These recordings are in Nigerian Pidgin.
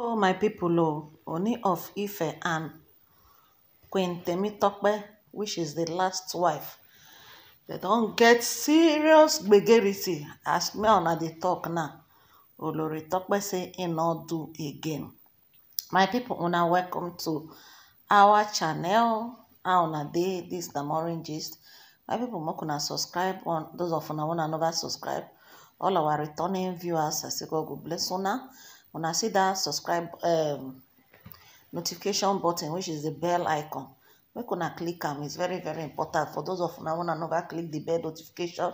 So oh, my people oh, Ooni of Ife and Queen Temitope, which is the last wife, they don't get serious gbegerity as me una dey talk now. Olori Tope say e no do again. My people, una welcome to our channel. How una This the morning Gist. My people, mo kuna subscribe. On those of una wey never subscribe, all our returning viewers, I say God bless una una see that subscribe um, notification button which is the bell icon make una click am its very very important for those of una una never click the bell notification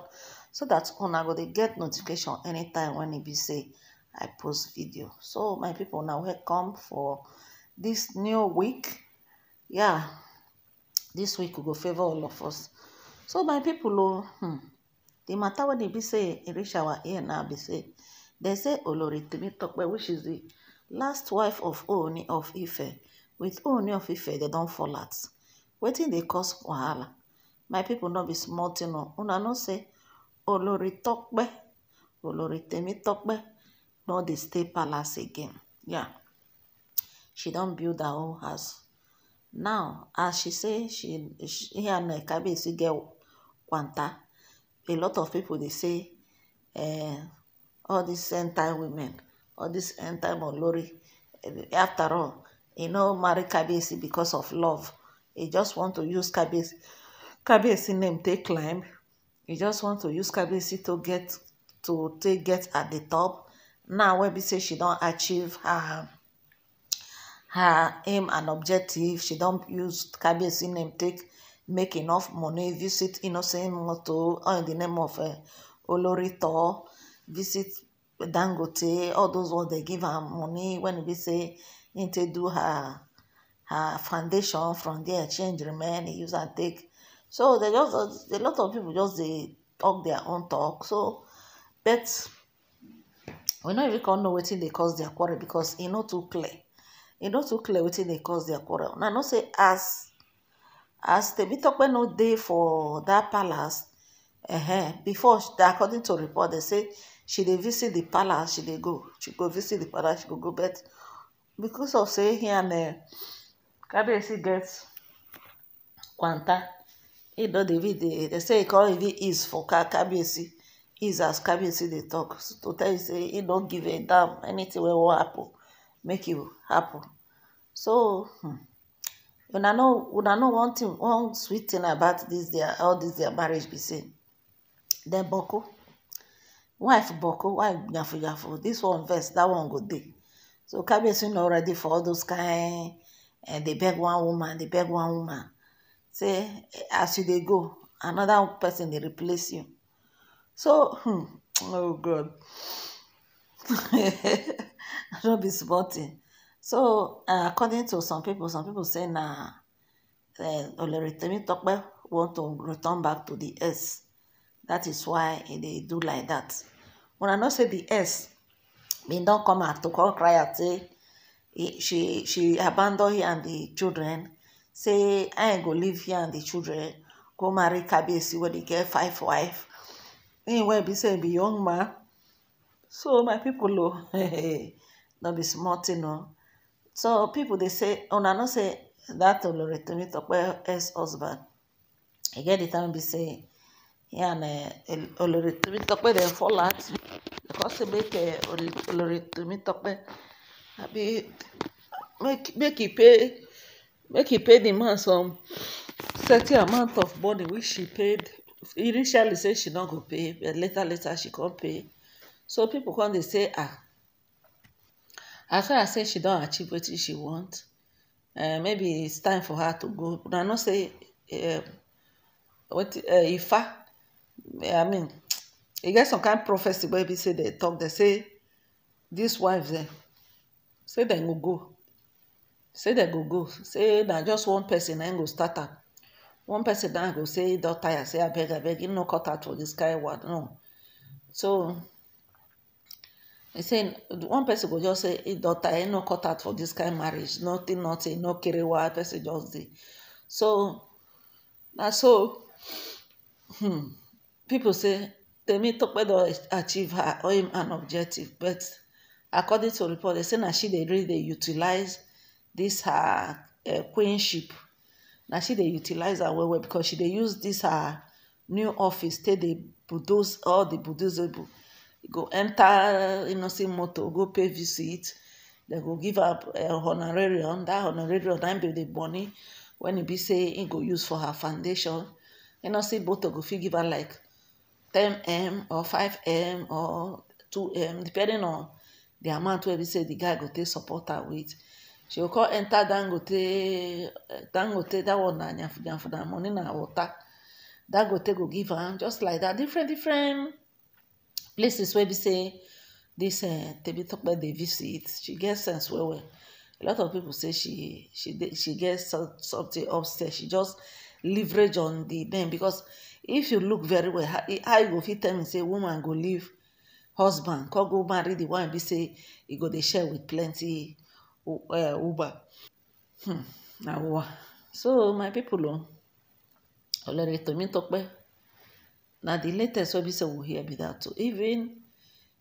so dat una go dey get notification anytime when e be say i post video so my people una welcome for this new week yeah this week we go favour all of us so my people, o oh, hmm the matter wey dey be say e reach our ear now be say They say Olori Temitope, which is the last wife of Ooni of Ife, with Ooni of Ife, they don fall out. Wetin dey cause wahala? My people no be small thing o. Una know say Olori Tope, Olori Temitope no dey stay palace again. Yeah. She don build her own house. Now, as she say she, she here na Kabiyesi get kwanta, a lot of people dey say eh all these end time women, all these end time Olori. After all, you know, marry Kabesi because of love. He just want to use Kabesi, Kabesi name take climb. He just want to use Kabesi to get to take get at the top. Now when we say she don't achieve her her aim and objective. She don't use Kabesi name take make enough money, visit innocent moto or in the name of uh, eh, Olori Toh visit dangote all those ones they give am money when e be say im do her her foundation from there change remain e use am take so they just a lot of people just they talk their own talk so but we no even can know wetin they cause their quarrel because e not too clear e not too clear wetin they cause their quarrel Now know say as as Temitope no day for that palace uh -huh, before according to report they say she dey visit the palace she dey go she go visit the palace she go go but because of say he and uh, kabiyesi get kwanta he don dey read the they say he come reveal his for ka kabiyesi his as kabiyesi dey talk so to tell you say he don give a damn anything wey wan happen make e happen so hmm, una know una know one thing one sweet thing about this their all this their marriage be say dem boku wife boko wife yafu yafu this one vex that one go dey so kabiyesi no ready for all those kind uh, eh, dey beg one woman dey beg one woman say eh, as you dey go another person dey replace you so hmm, oh god no be small thing so uh, according to some people some people say na uh, Olori Tope want to return back to the earth that is why e dey do like that una know say the S, bin don come out to call cry out say she she abandon here and the children say i go leave here and the children go marry kabiyesi wey dey get five wife him wey be say be young man so my people o no be small tin o so people dey say una know say dat oloretomi tope ex husband e get the time be say yani Olori Temitope dem fall out because say e make eh, Olori Temitope abi make make he pay make he pay the man some certain amount of money which she paid initially say she no go pay but later later she come pay so people come dey say ah After I say she don achieve wetin she want uh, maybe it's time for her to go una know say um, what, uh, Ifa i mean you get some kind of prophecy wey be say they talk They say dis wives dem eh, say they go go say they go go say na just one person na go start up. one person then go say e don tire say I beg. im no cut out for this kind one no so he say one person go just say e don tire no cut out for this kind marriage nothing nothing no kerewa person just dey so na so hmm people say temitope don achieve her aim and objective but according to report they say na she dey really dey utilise dis her eh, queenship na she they utilize her well well because she they use this her new office to dey bulldoze all di bulldozable e go enta innocent motor go pay visit They go give up a eh, honorarium That honorarium na im be di money when e be say im e go use for her foundation both motor go fit give her like 10m or 5m or 2m depending on the amount wey be say the guy go take support her with she go come enter dangote eh, dangote that one na nyafu nyafu na money na water dangote go give am just like that different different places wey be say this uh, eh, tebitope dey visit she get sense well well a lot of people say she she dey she get something upstairs she just leverage on the men because if you look very well e, how you go fit tell me say woman go leave husband come go marry the one be say he go dey share with plenty uh, uber hmm na wa so my people oh o Oloritomi Tope na the latest wey be say we hear be that o even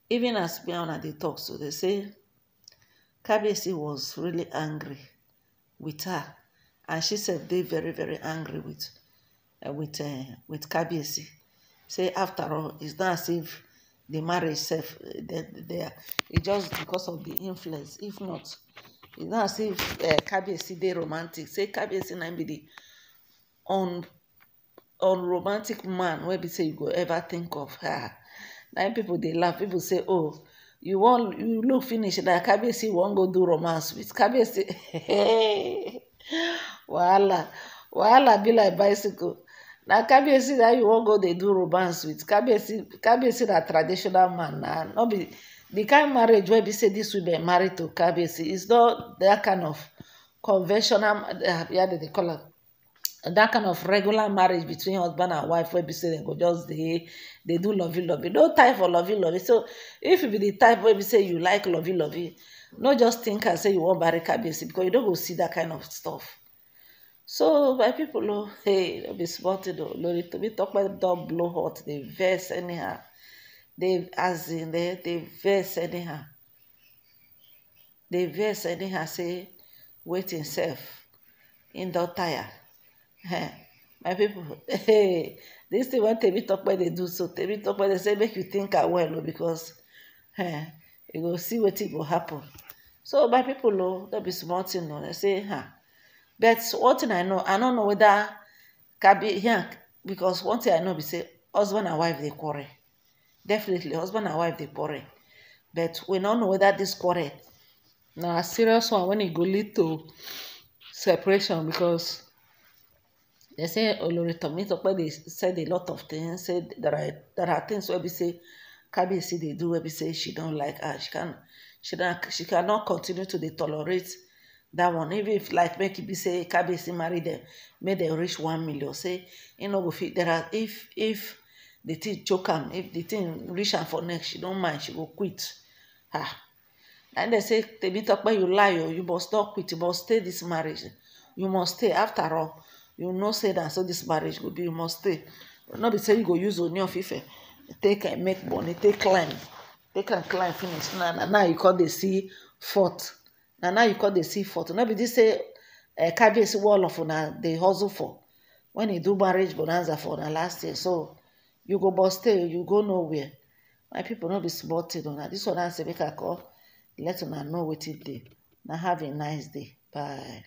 even as me and una dey talk so they say Kabiyesi was really angry with her and she sef dey very very angry with Uh, with uh, with KBC, say after all it's not as if the marriage sef uh, they they it's just because of the influence if not it's not as if uh, KBC dey romantic say KBC na be the on romantic man where be say you go ever think of her na people they laugh people say oh you won't. you look finished. That KBC won't go do romance with Kabiyesi wahala wahala be like bicycle na kabiyesi that you wan go dey do romance with kabiyesi kabiyesi na traditional man na no be the kind marriage wey be say these women marry to kabiyesi is not that kind of conventional uh, eh, yeah they dey call am that kind of regular marriage between husband and wife wey be say dem go just dey dey do lovey lovey no time for lovey lovey so if you be the type wey be say you like lovey lovey no just think am say you wan marry kabiyesi because you no go see that kind of stuff so my people oh hey no be small thing o lori Temitope don blow hot dey vex anyhow dey as in dey dey vex anyhow dey vex anyhow say wetin sef im don tire eh, my people hey dis thing wey Temitope dey do so Temitope dey say make you think am well o because eh you go see wetin go happen so my people o no be small thing o dey say huh but one thing i know i no know whether kabi yank because one thing i know be say husband and wife dey quarrel definitely husband and wife dey quarrel but we no know whether this quarrel na serious one when e go lead to separation because they say olori tomi tope dey said a lot of things say there are there are things wey be say kabiyesi dey do wey be say she don like her she can she don she cannot continue to dey tolerate That one even if like make e be say KBC marry them, make them reach one million say you e no go fit there are if if the thing choke him, if the thing reach am for next, she don't mind she go quit ah and they say they be talk, tebitope you lie o oh, you must not quit you must stay this marriage you must stay after all you know say that. so this marriage go be you must stay no be say you go use Ooni of Ife take and make money take climb take and climb finish na na now you call they see fault na now you come dey see photo no be dis say eh, kabiyesi wall of una dey hustle for When e do marriage bonanza for una last year so you go but stay you go nowhere my people, no be small tin una dis one say make i call let una know wetin dey na have a nice day bye